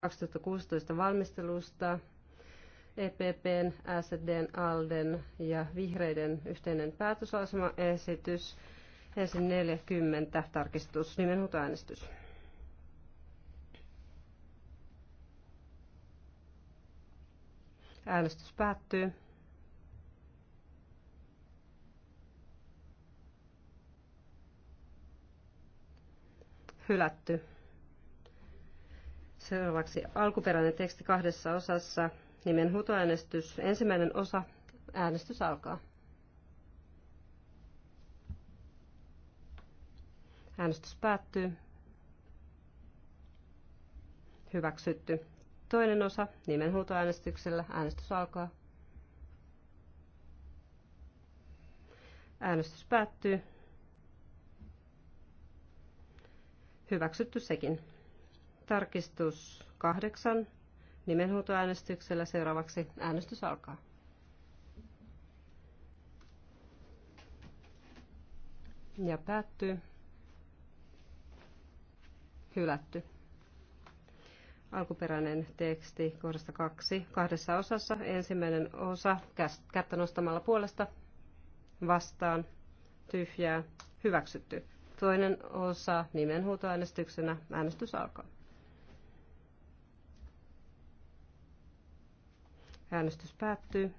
2016 valmistelusta. EPPn, SDn, ALDEn ja vihreiden yhteinen päätösasemaesitys Ensin 40 tarkistus, äänestys. Äänestys päättyy. Hylätty. Seuraavaksi alkuperäinen teksti kahdessa osassa. Nimen hutoäänestys. Ensimmäinen osa. Äänestys alkaa. Äänestys päättyy. Hyväksytty. Toinen osa nimenhuutoäänestyksellä. Äänestys alkaa. Äänestys päättyy. Hyväksytty sekin. Tarkistus kahdeksan nimenhuutoäänestyksellä. Seuraavaksi äänestys alkaa. Ja päättyy. Hylätty. Alkuperäinen teksti kohdasta kaksi kahdessa osassa. Ensimmäinen osa kättä nostamalla puolesta vastaan tyhjää hyväksytty. Toinen osa nimenhuutoäänestyksenä. Äänestys alkaa. Äänestys päättyy.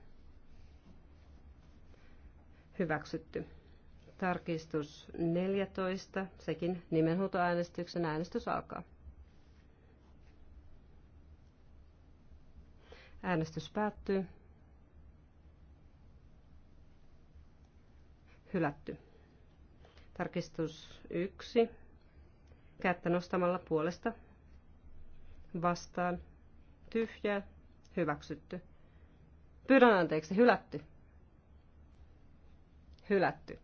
Hyväksytty. Tarkistus 14, sekin nimenhuutoäänestyksen äänestys alkaa. Äänestys päättyy. Hylätty. Tarkistus 1. Kättä nostamalla puolesta. Vastaan. Tyhjää. Hyväksytty. Pyydän anteeksi, hylätty. Hylätty.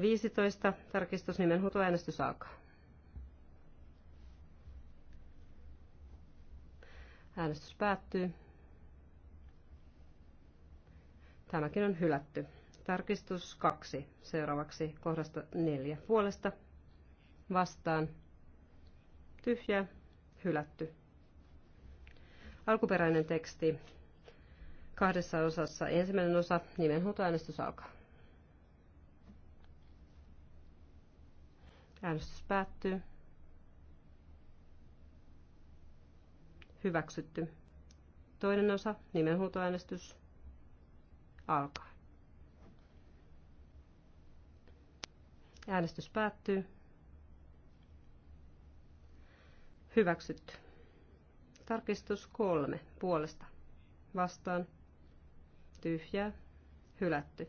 15. Tarkistusnimen hutuäänestys alkaa. Äänestys päättyy. Tämäkin on hylätty. Tarkistus 2. Seuraavaksi kohdasta 4. Puolesta vastaan. Tyhjä. Hylätty alkuperäinen teksti kahdessa osassa. Ensimmäinen osa, nimenhuutoäänestys alkaa. Äänestys päättyy. Hyväksytty. Toinen osa, nimenhuutoäänestys alkaa. Äänestys päättyy. Hyväksytty. Tarkistus kolme puolesta. Vastaan. Tyhjää. Hylätty.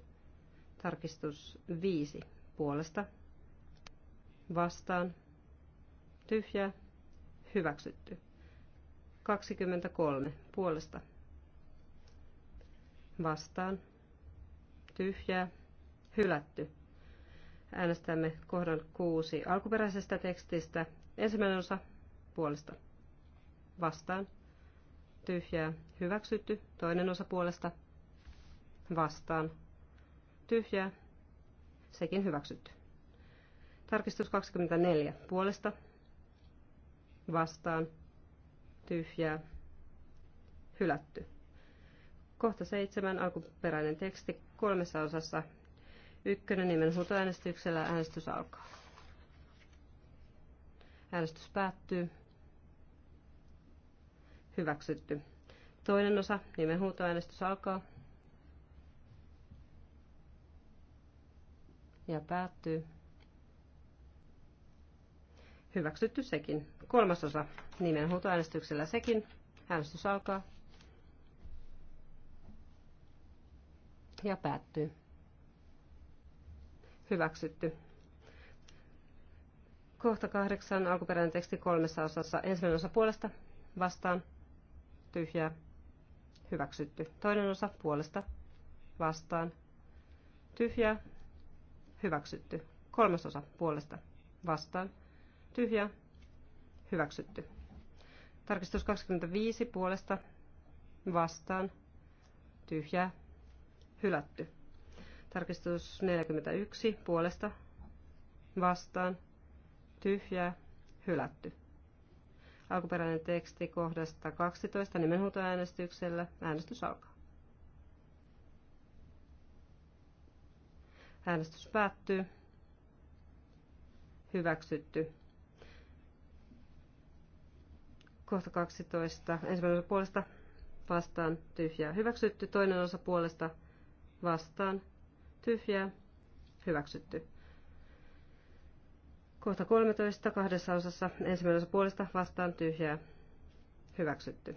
Tarkistus viisi puolesta. Vastaan. Tyhjää. Hyväksytty. 23 puolesta. Vastaan. Tyhjää. Hylätty. Äänestämme kohdan kuusi alkuperäisestä tekstistä. Ensimmäinen osa puolesta vastaan, tyhjää, hyväksytty, toinen osa puolesta, vastaan, tyhjää, sekin hyväksytty. Tarkistus 24, puolesta, vastaan, tyhjää, hylätty. Kohta seitsemän, alkuperäinen teksti, kolmessa osassa, ykkönen nimen huutoäänestyksellä, äänestys alkaa. Äänestys päättyy hyväksytty. Toinen osa, nimenhuutoäänestys alkaa. Ja päättyy. Hyväksytty sekin. Kolmas osa, nimenhuutoäänestyksellä sekin. Äänestys alkaa. Ja päättyy. Hyväksytty. Kohta kahdeksan, alkuperäinen teksti kolmessa osassa. Ensimmäinen osa puolesta, vastaan, tyhjää, hyväksytty. Toinen osa puolesta, vastaan, tyhjää, hyväksytty. Kolmas osa puolesta, vastaan, tyhjää, hyväksytty. Tarkistus 25 puolesta, vastaan, tyhjää, hylätty. Tarkistus 41 puolesta, vastaan, tyhjää, hylätty. Alkuperäinen teksti kohdasta 12 nimenhuutoäänestyksellä. Äänestys alkaa. Äänestys päättyy. Hyväksytty. Kohta 12. Ensimmäinen osa puolesta vastaan tyhjää. Hyväksytty. Toinen osa puolesta vastaan tyhjää. Hyväksytty. Kohta 13 kahdessa osassa. Ensimmäinen osa puolesta vastaan tyhjää. Hyväksytty.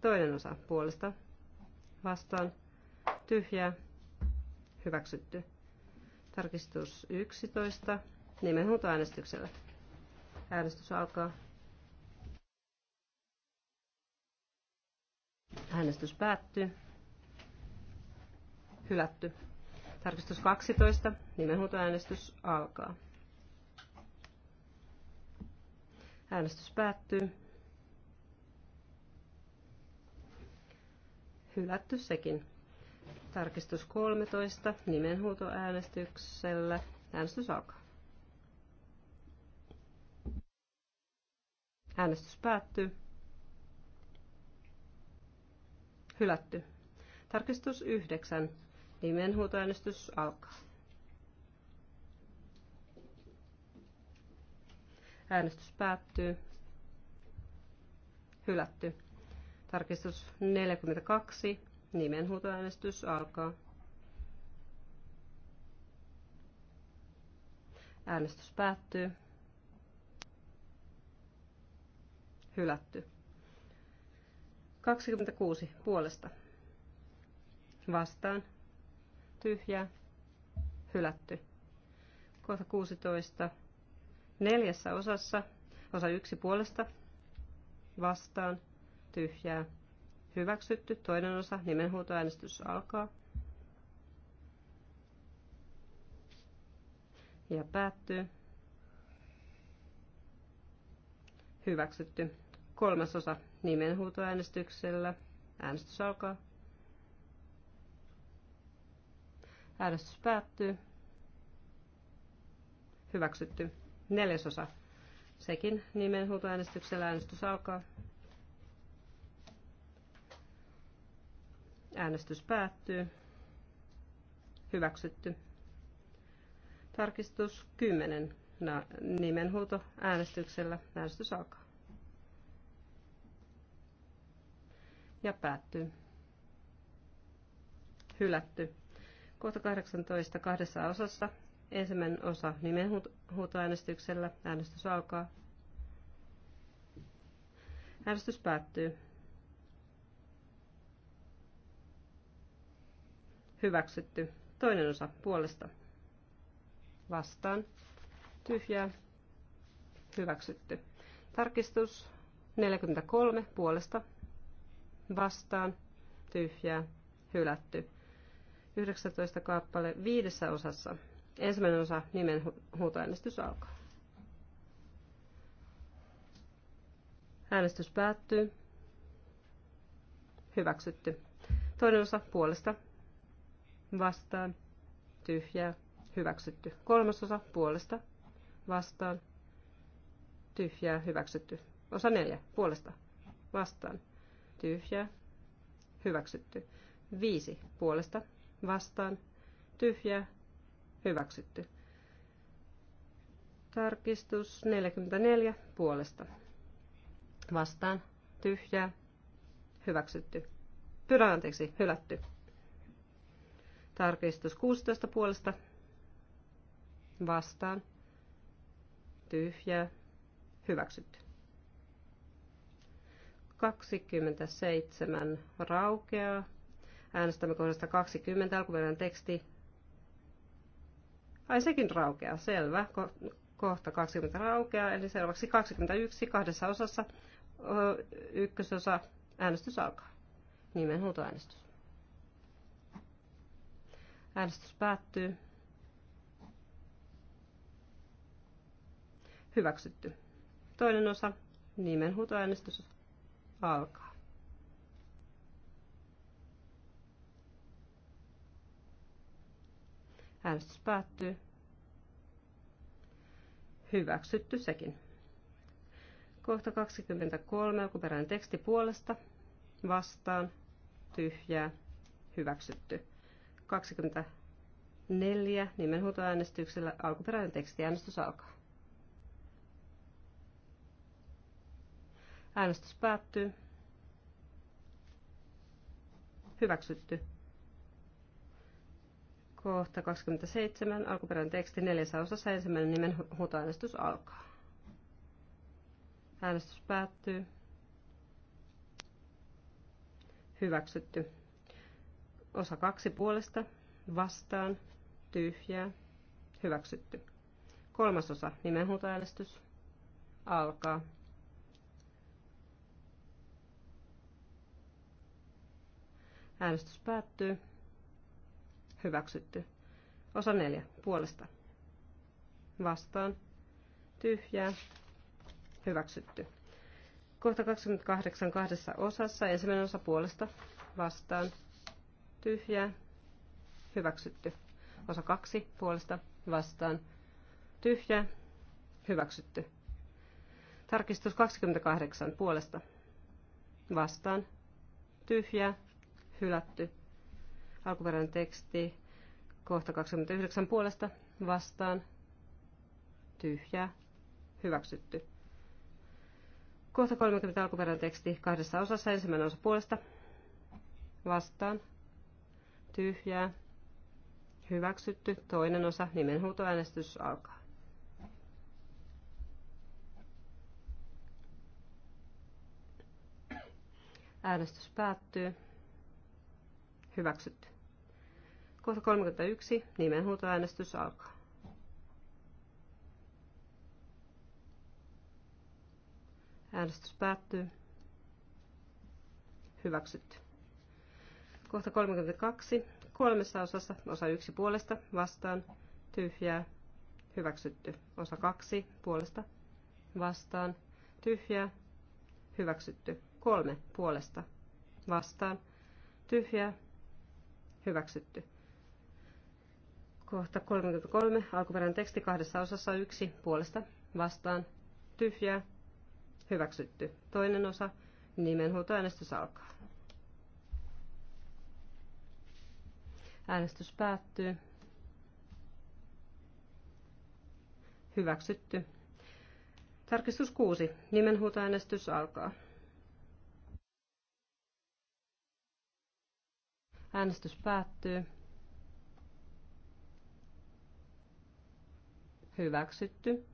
Toinen osa puolesta vastaan tyhjää. Hyväksytty. Tarkistus 11. äänestyksellä. Äänestys alkaa. Äänestys päättyy. Hylätty. Tarkistus 12. Nimenhuutoäänestys alkaa. Äänestys päättyy. Hylätty sekin. Tarkistus 13 nimenhuutoäänestyksellä. Äänestys alkaa. Äänestys päättyy. Hylätty. Tarkistus 9. Nimenhuutoäänestys alkaa. Äänestys päättyy. Hylätty. Tarkistus 42. Nimenhuutoäänestys alkaa. Äänestys päättyy. Hylätty. 26 puolesta. Vastaan. tyhjä, Hylätty. Kohta 16 neljässä osassa, osa yksi puolesta, vastaan, tyhjää, hyväksytty, toinen osa, nimenhuutoäänestys alkaa. Ja päättyy. Hyväksytty. Kolmas osa nimenhuutoäänestyksellä. Äänestys alkaa. Äänestys päättyy. Hyväksytty neljäsosa. Sekin nimenhuutoäänestyksellä äänestys alkaa. Äänestys päättyy. Hyväksytty. Tarkistus 10. Nimenhuuto äänestyksellä. Äänestys alkaa. Ja päättyy. Hylätty. Kohta 18 kahdessa osassa. Ensimmäinen osa nimenhuutoäänestyksellä. Äänestys alkaa. Äänestys päättyy. Hyväksytty. Toinen osa puolesta. Vastaan. Tyhjää. Hyväksytty. Tarkistus 43 puolesta. Vastaan. Tyhjää. Hylätty. 19 kappale viidessä osassa. Ensimmäinen osa nimen huutoäänestys alkaa. Äänestys päättyy. Hyväksytty. Toinen osa puolesta. Vastaan. Tyhjää. Hyväksytty. Kolmas osa puolesta. Vastaan. Tyhjää. Hyväksytty. Osa neljä. Puolesta. Vastaan. Tyhjää. Hyväksytty. Viisi. Puolesta. Vastaan. Tyhjää Hyväksytty. Tarkistus 44 puolesta. Vastaan. Tyhjää. Hyväksytty. Pyydän anteeksi. Hylätty. Tarkistus 16 puolesta. Vastaan. Tyhjää. Hyväksytty. 27 raukeaa. Äänestämme kohdasta 20 alkuperäinen teksti Ai sekin raukeaa, selvä. Ko- kohta 20 raukeaa, eli seuraavaksi 21 kahdessa osassa. Ö, ykkösosa, äänestys alkaa. Nimenhuutoäänestys. Äänestys päättyy. Hyväksytty. Toinen osa, nimenhuutoäänestys alkaa. Äänestys päättyy. Hyväksytty sekin. Kohta 23, alkuperäinen teksti puolesta, vastaan, tyhjää, hyväksytty. 24, nimenhuutoäänestyksellä, alkuperäinen teksti, äänestys alkaa. Äänestys päättyy. Hyväksytty. Kohta 27, alkuperäinen teksti neljässä osassa, ensimmäinen nimen huutoäänestys alkaa. Äänestys päättyy. Hyväksytty. Osa kaksi puolesta, vastaan, tyhjää, hyväksytty. Kolmas osa nimenhuutoäänestys, alkaa. Äänestys päättyy hyväksytty. Osa neljä puolesta vastaan tyhjää hyväksytty. Kohta 28 kahdessa osassa ensimmäinen osa puolesta vastaan tyhjää hyväksytty. Osa kaksi puolesta vastaan tyhjää hyväksytty. Tarkistus 28 puolesta vastaan tyhjää hylätty. Alkuperäinen teksti kohta 29 puolesta vastaan tyhjä hyväksytty. Kohta 30 alkuperäinen teksti kahdessa osassa ensimmäinen osa puolesta vastaan tyhjää hyväksytty. Toinen osa nimenhuutoäänestys alkaa. Äänestys päättyy. Hyväksytty. Kohta 31. Nimenhuutoäänestys alkaa. Äänestys päättyy. Hyväksytty. Kohta 32. Kolmessa osassa osa 1 puolesta vastaan tyhjää. Hyväksytty. Osa 2 puolesta vastaan tyhjää. Hyväksytty. 3 puolesta vastaan tyhjää hyväksytty. Kohta 33, alkuperäinen teksti kahdessa osassa yksi puolesta vastaan tyhjää hyväksytty. Toinen osa nimenhuutoäänestys alkaa. Äänestys päättyy. Hyväksytty. Tarkistus 6. Nimenhuutoäänestys alkaa. Äänestys päättyy. Hyväksytty,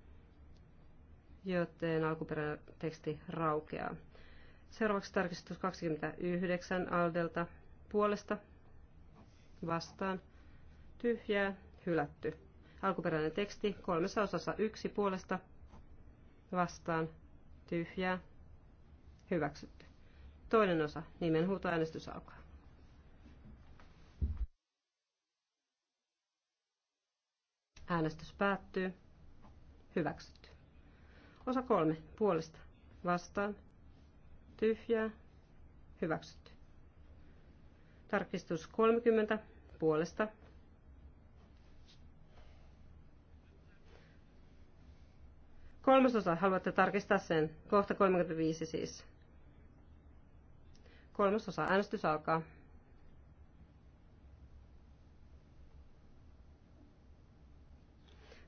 joten alkuperäinen teksti raukeaa. Seuraavaksi tarkistus 29 Aldelta puolesta vastaan tyhjää hylätty. Alkuperäinen teksti kolmessa osassa yksi puolesta vastaan tyhjää hyväksytty. Toinen osa nimenhuutoäänestys alkaa. Äänestys päättyy. Hyväksytty. Osa kolme. Puolesta. Vastaan. Tyhjää. Hyväksytty. Tarkistus 30. Puolesta. Kolmasosa. Haluatte tarkistaa sen. Kohta 35 siis. Kolmasosa. Äänestys alkaa.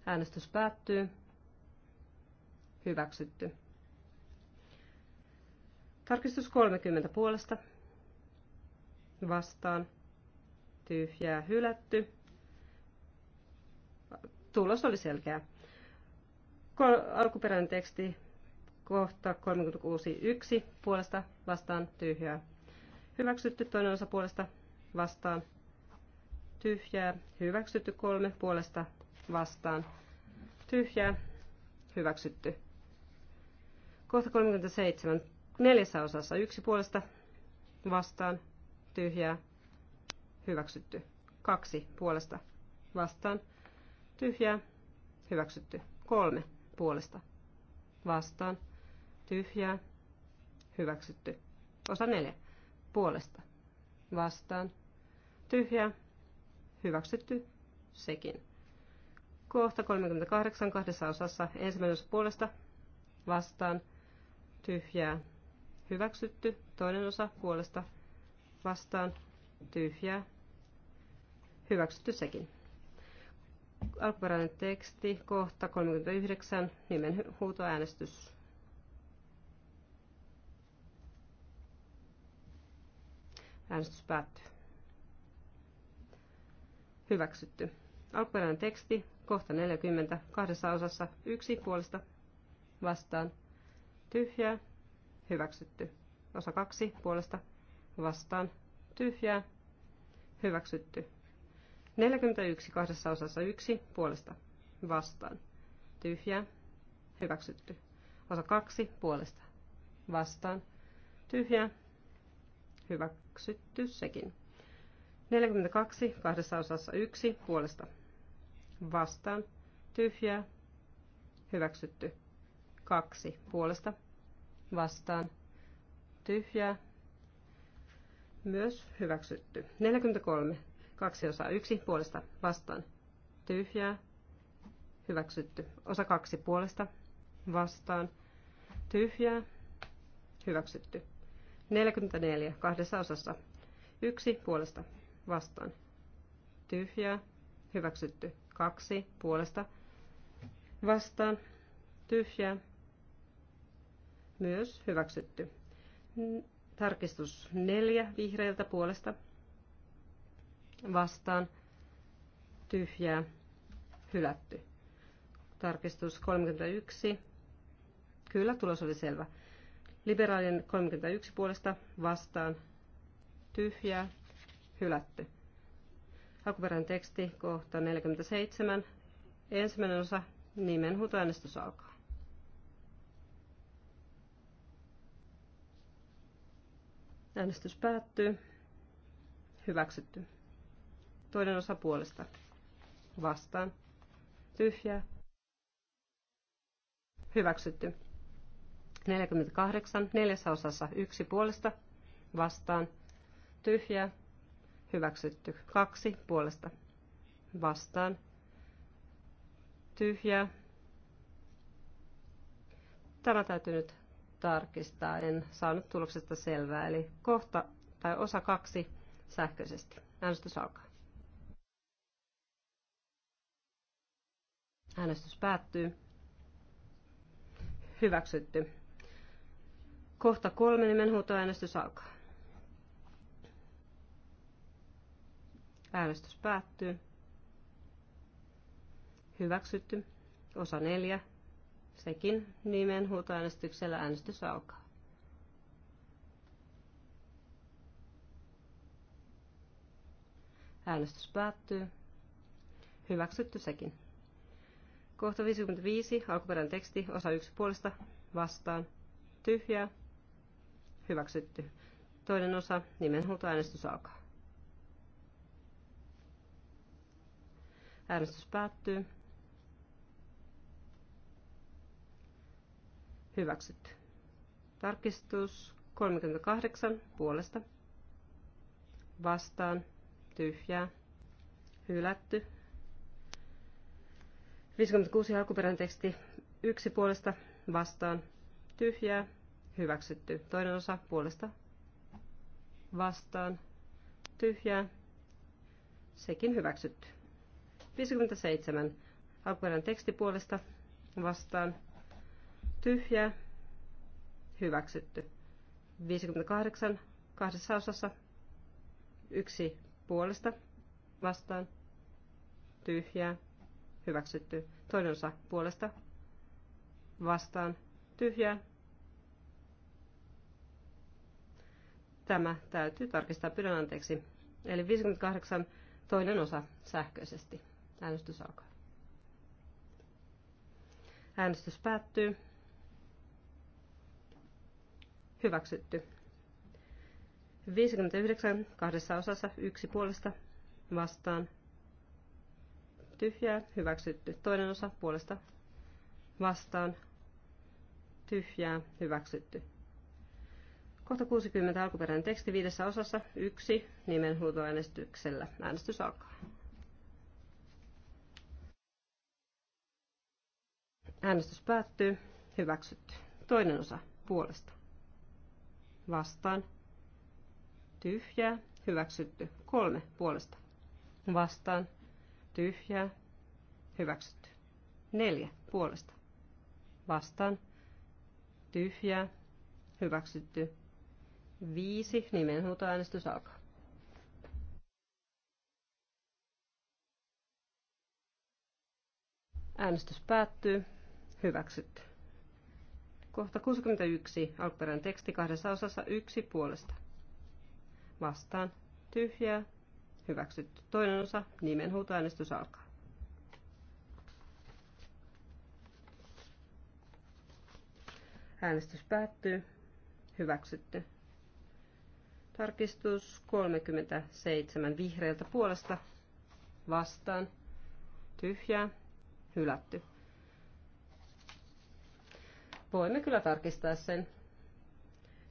Äänestys päättyy. Hyväksytty. Tarkistus 30 puolesta. Vastaan. Tyhjää hylätty. Tulos oli selkeä. Alkuperäinen teksti kohta 36.1 puolesta vastaan tyhjää. Hyväksytty toinen osa puolesta vastaan tyhjää. Hyväksytty kolme puolesta vastaan tyhjää hyväksytty. Kohta 37 neljässä osassa yksi puolesta vastaan tyhjää hyväksytty. Kaksi puolesta vastaan tyhjää hyväksytty. Kolme puolesta vastaan tyhjää hyväksytty. Osa neljä puolesta vastaan tyhjää hyväksytty sekin. Kohta 38 kahdessa osassa ensimmäisessä puolesta vastaan tyhjää hyväksytty, toinen osa puolesta vastaan tyhjää hyväksytty sekin. Alkuperäinen teksti, kohta 39, nimen huutoäänestys. Äänestys päättyy. Hyväksytty. Alkuperäinen teksti, Kohta 40. Kahdessa osassa yksi puolesta vastaan. Tyhjää. Hyväksytty. Osa kaksi puolesta vastaan. Tyhjää. Hyväksytty. 41 kahdessa osassa yksi puolesta vastaan. Tyhjää. Hyväksytty. Osa kaksi puolesta vastaan. Tyhjää. Hyväksytty sekin. 42 kahdessa osassa yksi puolesta vastaan, tyhjä hyväksytty. Kaksi puolesta, vastaan, tyhjä myös hyväksytty. 43, kaksi osaa, yksi puolesta, vastaan, tyhjä hyväksytty. Osa kaksi puolesta, vastaan, tyhjä hyväksytty. 44, kahdessa osassa, yksi puolesta, vastaan, tyhjä hyväksytty kaksi puolesta vastaan tyhjää myös hyväksytty. Tarkistus neljä vihreiltä puolesta vastaan tyhjää hylätty. Tarkistus 31. Kyllä, tulos oli selvä. Liberaalien 31 puolesta vastaan tyhjää hylätty. Alkuperäinen teksti, kohta 47. Ensimmäinen osa, nimenhuutoäänestys alkaa. Äänestys päättyy. Hyväksytty. Toinen osa puolesta. Vastaan. Tyhjä. Hyväksytty. 48. Neljässä osassa yksi puolesta. Vastaan. Tyhjä hyväksytty. Kaksi puolesta vastaan, tyhjä Tämä täytyy nyt tarkistaa. En saanut tuloksesta selvää. Eli kohta tai osa kaksi sähköisesti. Äänestys alkaa. Äänestys päättyy. Hyväksytty. Kohta kolme nimenhuutoäänestys alkaa. Äänestys päättyy. Hyväksytty. Osa neljä. Sekin nimen huutoäänestyksellä äänestys alkaa. Äänestys päättyy. Hyväksytty sekin. Kohta 55, alkuperäinen teksti, osa yksi puolesta, vastaan, tyhjää, hyväksytty. Toinen osa, nimenhuutoäänestys alkaa. Äänestys päättyy. Hyväksytty. Tarkistus 38 puolesta. Vastaan. Tyhjää. Hylätty. 56 alkuperäinen teksti. Yksi puolesta. Vastaan. Tyhjää. Hyväksytty. Toinen osa puolesta. Vastaan. Tyhjää. Sekin hyväksytty. 57. Alkuperäinen teksti puolesta vastaan. tyhjä Hyväksytty. 58. Kahdessa osassa. Yksi puolesta vastaan. Tyhjää. Hyväksytty. Toinen osa puolesta vastaan. Tyhjää. Tämä täytyy tarkistaa. Pyydän anteeksi. Eli 58 toinen osa sähköisesti. Äänestys alkaa. Äänestys päättyy. Hyväksytty. 59 kahdessa osassa yksi puolesta vastaan tyhjää, hyväksytty. Toinen osa puolesta vastaan tyhjää, hyväksytty. Kohta 60 alkuperäinen teksti viidessä osassa, yksi nimenhuutoäänestyksellä. Äänestys alkaa. Äänestys päättyy. Hyväksytty. Toinen osa puolesta. Vastaan. Tyhjää. Hyväksytty. Kolme puolesta. Vastaan. Tyhjää. Hyväksytty. Neljä puolesta. Vastaan. Tyhjää. Hyväksytty. Viisi. Nimenhuutoäänestys alkaa. Äänestys päättyy. Hyväksytty. Kohta 61. Alkuperäinen teksti kahdessa osassa yksi puolesta. Vastaan. Tyhjää. Hyväksytty. Toinen osa. Nimenhuutoäänestys alkaa. Äänestys päättyy. Hyväksytty. Tarkistus 37 vihreältä puolesta vastaan. Tyhjää. Hylätty. Voimme kyllä tarkistaa sen.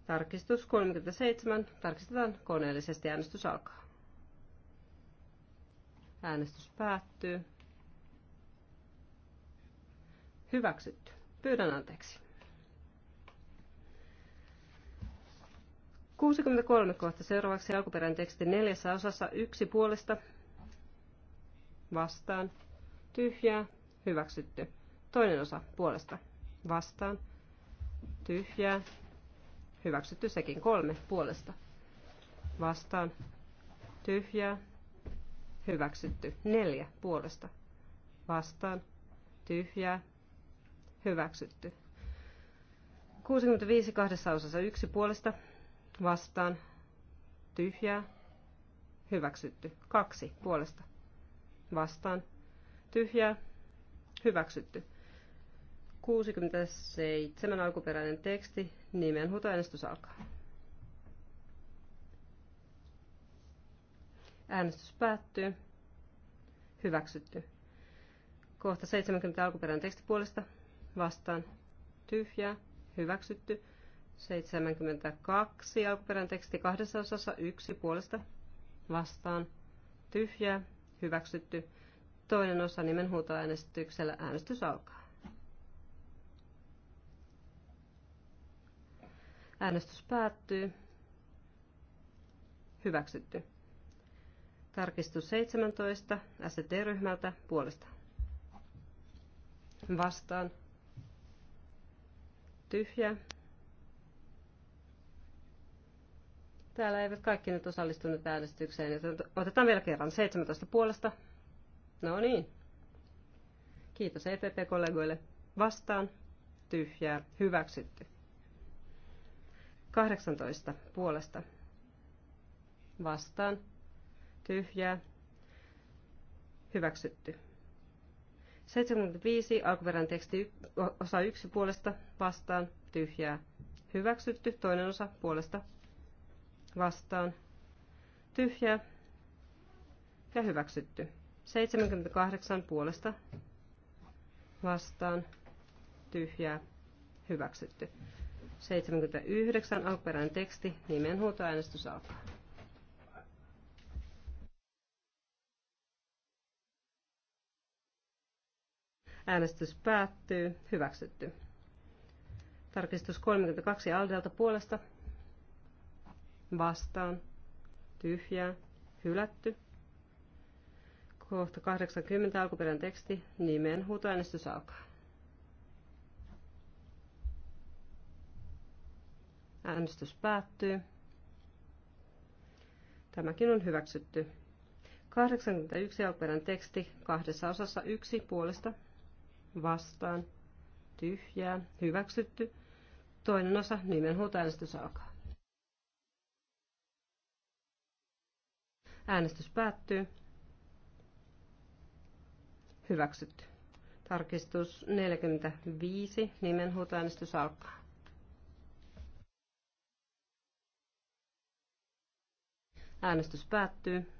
Tarkistus 37. Tarkistetaan koneellisesti. Äänestys alkaa. Äänestys päättyy. Hyväksytty. Pyydän anteeksi. 63 kohta seuraavaksi alkuperäinen teksti neljässä osassa yksi puolesta vastaan tyhjää hyväksytty. Toinen osa puolesta vastaan tyhjää, hyväksytty sekin kolme puolesta. Vastaan, tyhjää, hyväksytty neljä puolesta. Vastaan, tyhjää, hyväksytty. 65 kahdessa osassa yksi puolesta, vastaan, tyhjää, hyväksytty. Kaksi puolesta, vastaan, tyhjää, hyväksytty. 67 alkuperäinen teksti, nimenhuutoäänestys alkaa. Äänestys päättyy. Hyväksytty. Kohta 70 alkuperäinen teksti puolesta. Vastaan. Tyhjää. Hyväksytty. 72 alkuperäinen teksti kahdessa osassa. Yksi puolesta. Vastaan. Tyhjää. Hyväksytty. Toinen osa huutoäänestyksellä. Äänestys alkaa. Äänestys päättyy. Hyväksytty. Tarkistus 17 ST-ryhmältä puolesta. Vastaan. Tyhjä. Täällä eivät kaikki nyt osallistuneet äänestykseen, joten otetaan vielä kerran 17 puolesta. No niin. Kiitos EPP-kollegoille. Vastaan. Tyhjää. Hyväksytty. 18 puolesta vastaan tyhjää hyväksytty. 75 alkuperäinen teksti osa 1 puolesta vastaan tyhjää hyväksytty toinen osa puolesta vastaan tyhjää ja hyväksytty. 78 puolesta vastaan tyhjää hyväksytty. 79 alkuperäinen teksti, nimenhuutoäänestys alkaa. Äänestys päättyy. Hyväksytty. Tarkistus 32 Aldelta puolesta. Vastaan. Tyhjää. Hylätty. Kohta 80 alkuperäinen teksti. Nimen huutoäänestys alkaa. Äänestys päättyy. Tämäkin on hyväksytty. 81 alkuperäinen teksti kahdessa osassa yksi puolesta vastaan tyhjää hyväksytty. Toinen osa nimenhuutoäänestys alkaa. Äänestys päättyy. Hyväksytty. Tarkistus 45. Nimenhuutoäänestys alkaa. Äänestys päättyy.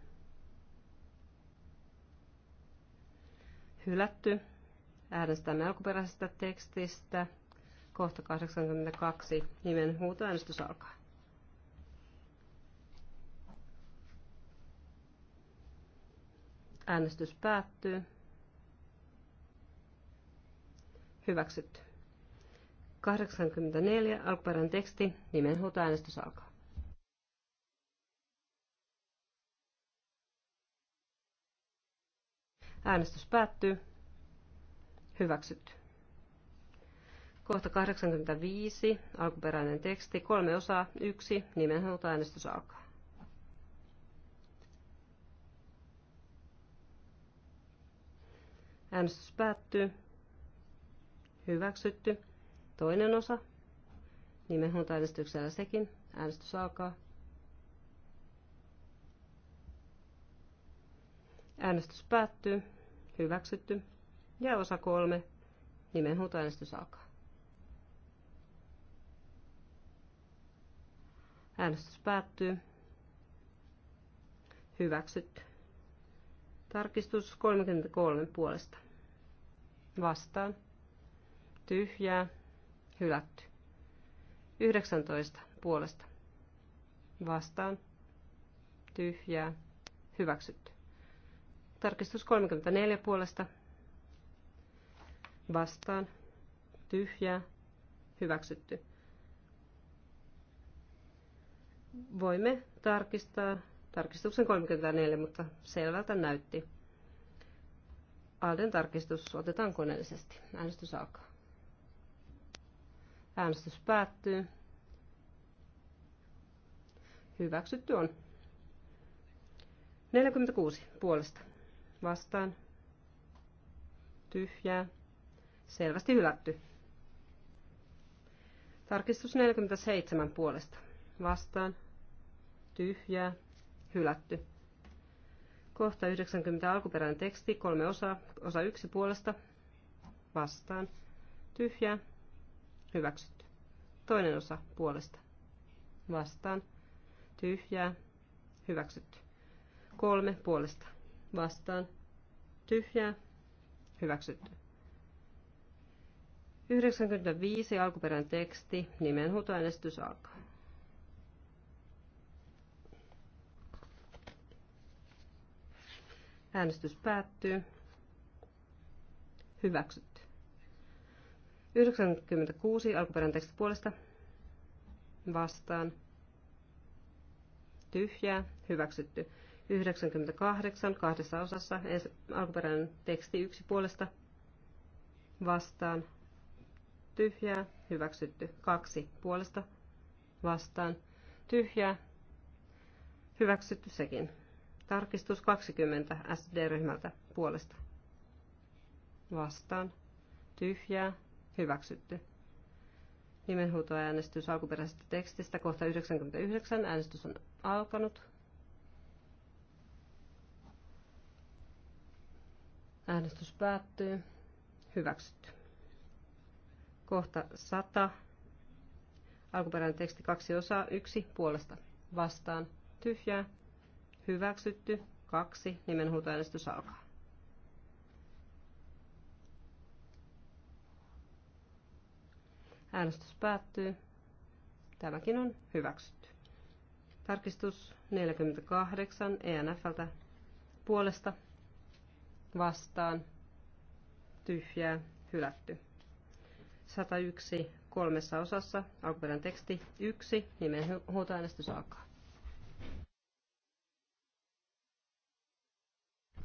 Hylätty. Äänestän alkuperäisestä tekstistä. Kohta 82. Nimen huutoäänestys alkaa. Äänestys päättyy. Hyväksytty. 84. Alkuperäinen teksti. Nimenhuutoäänestys alkaa. Äänestys päättyy. Hyväksytty. Kohta 85, alkuperäinen teksti, kolme osaa, yksi, nimenhuolta äänestys alkaa. Äänestys päättyy. Hyväksytty. Toinen osa. Nimenhuolta äänestyksellä sekin. Äänestys alkaa. Äänestys päättyy hyväksytty. Ja osa kolme, nimenhuutoäänestys alkaa. Äänestys päättyy. Hyväksytty. Tarkistus 33 puolesta. Vastaan. Tyhjää. Hylätty. 19 puolesta. Vastaan. Tyhjää. Hyväksytty. Tarkistus 34 puolesta vastaan tyhjää hyväksytty. Voimme tarkistaa tarkistuksen 34, mutta selvältä näytti. Alden tarkistus otetaan koneellisesti. Äänestys alkaa. Äänestys päättyy. Hyväksytty on. 46 puolesta vastaan, tyhjää, selvästi hylätty. Tarkistus 47 puolesta, vastaan, tyhjää, hylätty. Kohta 90 alkuperäinen teksti, kolme osaa, osa yksi puolesta, vastaan, tyhjää, hyväksytty. Toinen osa puolesta, vastaan, tyhjää, hyväksytty. Kolme puolesta, vastaan tyhjää hyväksytty. 95 alkuperäinen teksti, nimenhuutoäänestys alkaa. Äänestys päättyy. Hyväksytty. 96 alkuperäinen teksti puolesta vastaan. Tyhjää. Hyväksytty. 98 kahdessa osassa. Alkuperäinen teksti yksi puolesta vastaan tyhjää, hyväksytty. Kaksi puolesta vastaan tyhjää, hyväksytty sekin. Tarkistus 20 SD-ryhmältä puolesta vastaan tyhjää, hyväksytty. Nimenhuutoäänestys alkuperäisestä tekstistä kohta 99. Äänestys on alkanut. Äänestys päättyy. Hyväksytty. Kohta 100. Alkuperäinen teksti kaksi osaa. Yksi puolesta. Vastaan. Tyhjää. Hyväksytty. Kaksi. Nimenhuutoäänestys alkaa. Äänestys päättyy. Tämäkin on hyväksytty. Tarkistus 48 ENFltä puolesta vastaan tyhjää hylätty. 101 kolmessa osassa alkuperäinen teksti 1 nimen huutoäänestys alkaa.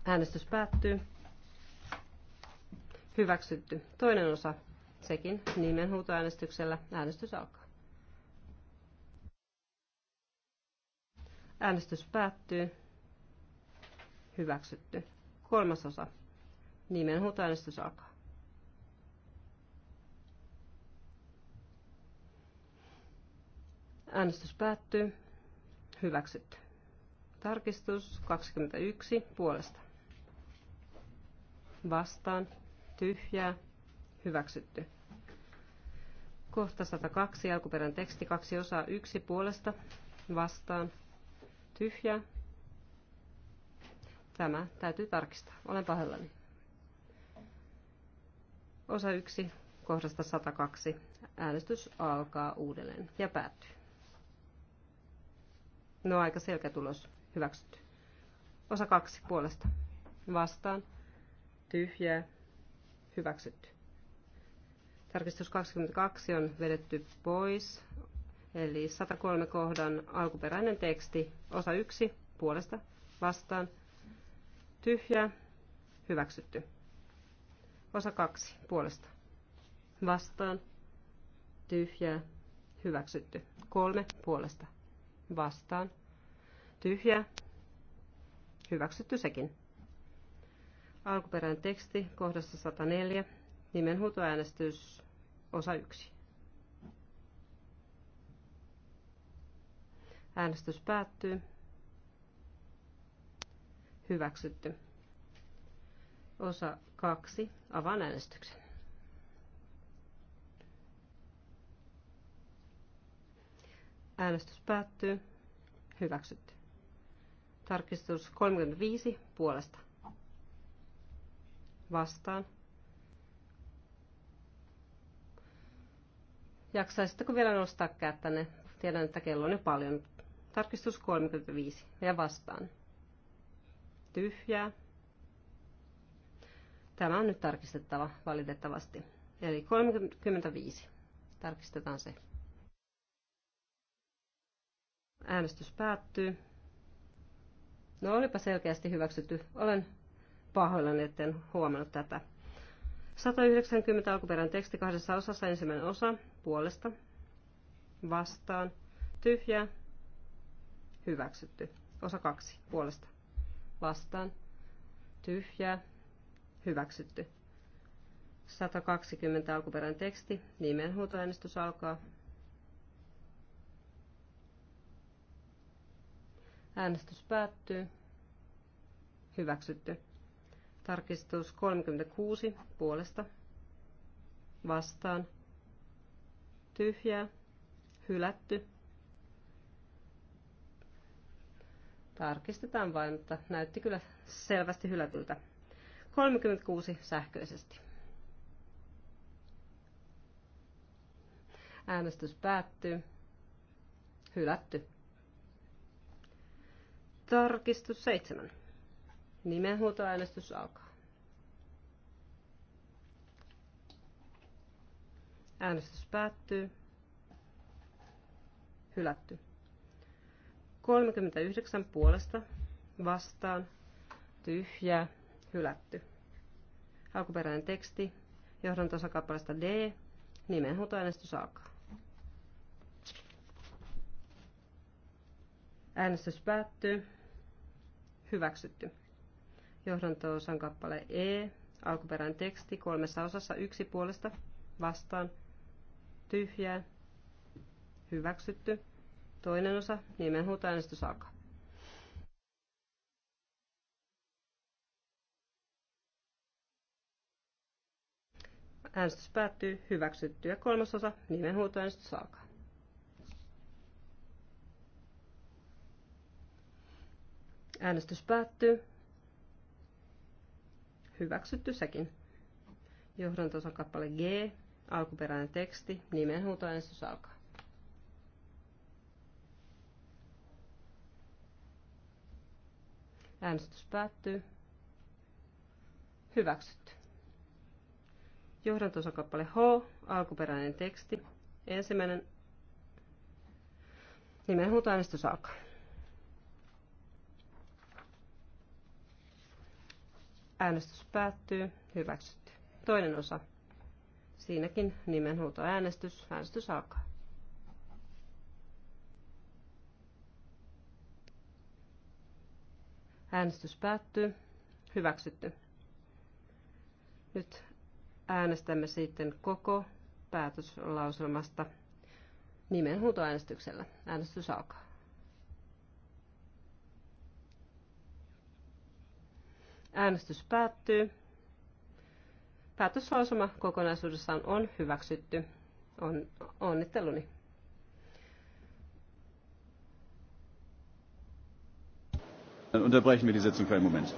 Äänestys päättyy. Hyväksytty. Toinen osa sekin huutoäänestyksellä, Äänestys alkaa. Äänestys päättyy. Hyväksytty kolmasosa. Nimenhuutoäänestys alkaa. Äänestys päättyy. Hyväksytty. Tarkistus 21 puolesta. Vastaan. Tyhjää. Hyväksytty. Kohta 102 alkuperän teksti kaksi osaa yksi puolesta. Vastaan. Tyhjää. Tämä täytyy tarkistaa. Olen pahoillani. Osa 1 kohdasta 102. Äänestys alkaa uudelleen ja päättyy. No aika selkeä tulos. Hyväksytty. Osa 2 puolesta. Vastaan. Tyhjää. Hyväksytty. Tarkistus 22 on vedetty pois. Eli 103 kohdan alkuperäinen teksti. Osa 1 puolesta. Vastaan tyhjää, hyväksytty. Osa kaksi puolesta. Vastaan, tyhjää, hyväksytty. Kolme puolesta. Vastaan, tyhjää, hyväksytty sekin. Alkuperäinen teksti kohdassa 104, nimenhuutoäänestys osa 1. Äänestys päättyy. Hyväksytty. Osa kaksi. Avaan äänestyksen. Äänestys päättyy. Hyväksytty. Tarkistus 35 puolesta. Vastaan. Jaksaisitteko vielä nostaa kättänne? Tiedän, että kello on jo paljon. Tarkistus 35 ja vastaan tyhjää. Tämä on nyt tarkistettava valitettavasti. Eli 35. Tarkistetaan se. Äänestys päättyy. No olipa selkeästi hyväksytty. Olen pahoillani, etten huomannut tätä. 190 alkuperäinen teksti kahdessa osassa ensimmäinen osa puolesta vastaan tyhjä hyväksytty. Osa kaksi puolesta vastaan, tyhjää, hyväksytty. 120 alkuperäinen teksti, nimenhuutoäänestys alkaa. Äänestys päättyy. Hyväksytty. Tarkistus 36 puolesta. Vastaan. Tyhjää. Hylätty. Tarkistetaan vain, mutta näytti kyllä selvästi hylätyltä. 36 sähköisesti. Äänestys päättyy. Hylätty. Tarkistus 7. Nimenhuutoäänestys alkaa. Äänestys päättyy. Hylätty. 39 puolesta vastaan tyhjää hylätty. Alkuperäinen teksti johdantosakappaleesta D. Nimenhuutoäänestys alkaa. Äänestys päättyy. Hyväksytty. Johdanto-osan kappale E. Alkuperäinen teksti kolmessa osassa yksi puolesta vastaan. Tyhjää. Hyväksytty. Toinen osa, nimenhuutoäänestys alkaa. Äänestys päättyy, hyväksytty ja kolmasosa, nimenhuutoäänestys alkaa. Äänestys päättyy. Hyväksytty sekin. Johdantosan kappale G, alkuperäinen teksti, nimenhuutoäänestys alkaa. Äänestys päättyy. Hyväksytty. Johdantosakappale H, alkuperäinen teksti. Ensimmäinen nimenhuutoäänestys alkaa. Äänestys päättyy. Hyväksytty. Toinen osa. Siinäkin nimenhuutoäänestys. Äänestys alkaa. Äänestys päättyy. Hyväksytty. Nyt äänestämme sitten koko päätöslauselmasta nimenhuutoäänestyksellä. Äänestys alkaa. Äänestys päättyy. Päätöslausuma kokonaisuudessaan on hyväksytty. On, onnitteluni. Äh, unterbrechen wir die Sitzung für einen Moment.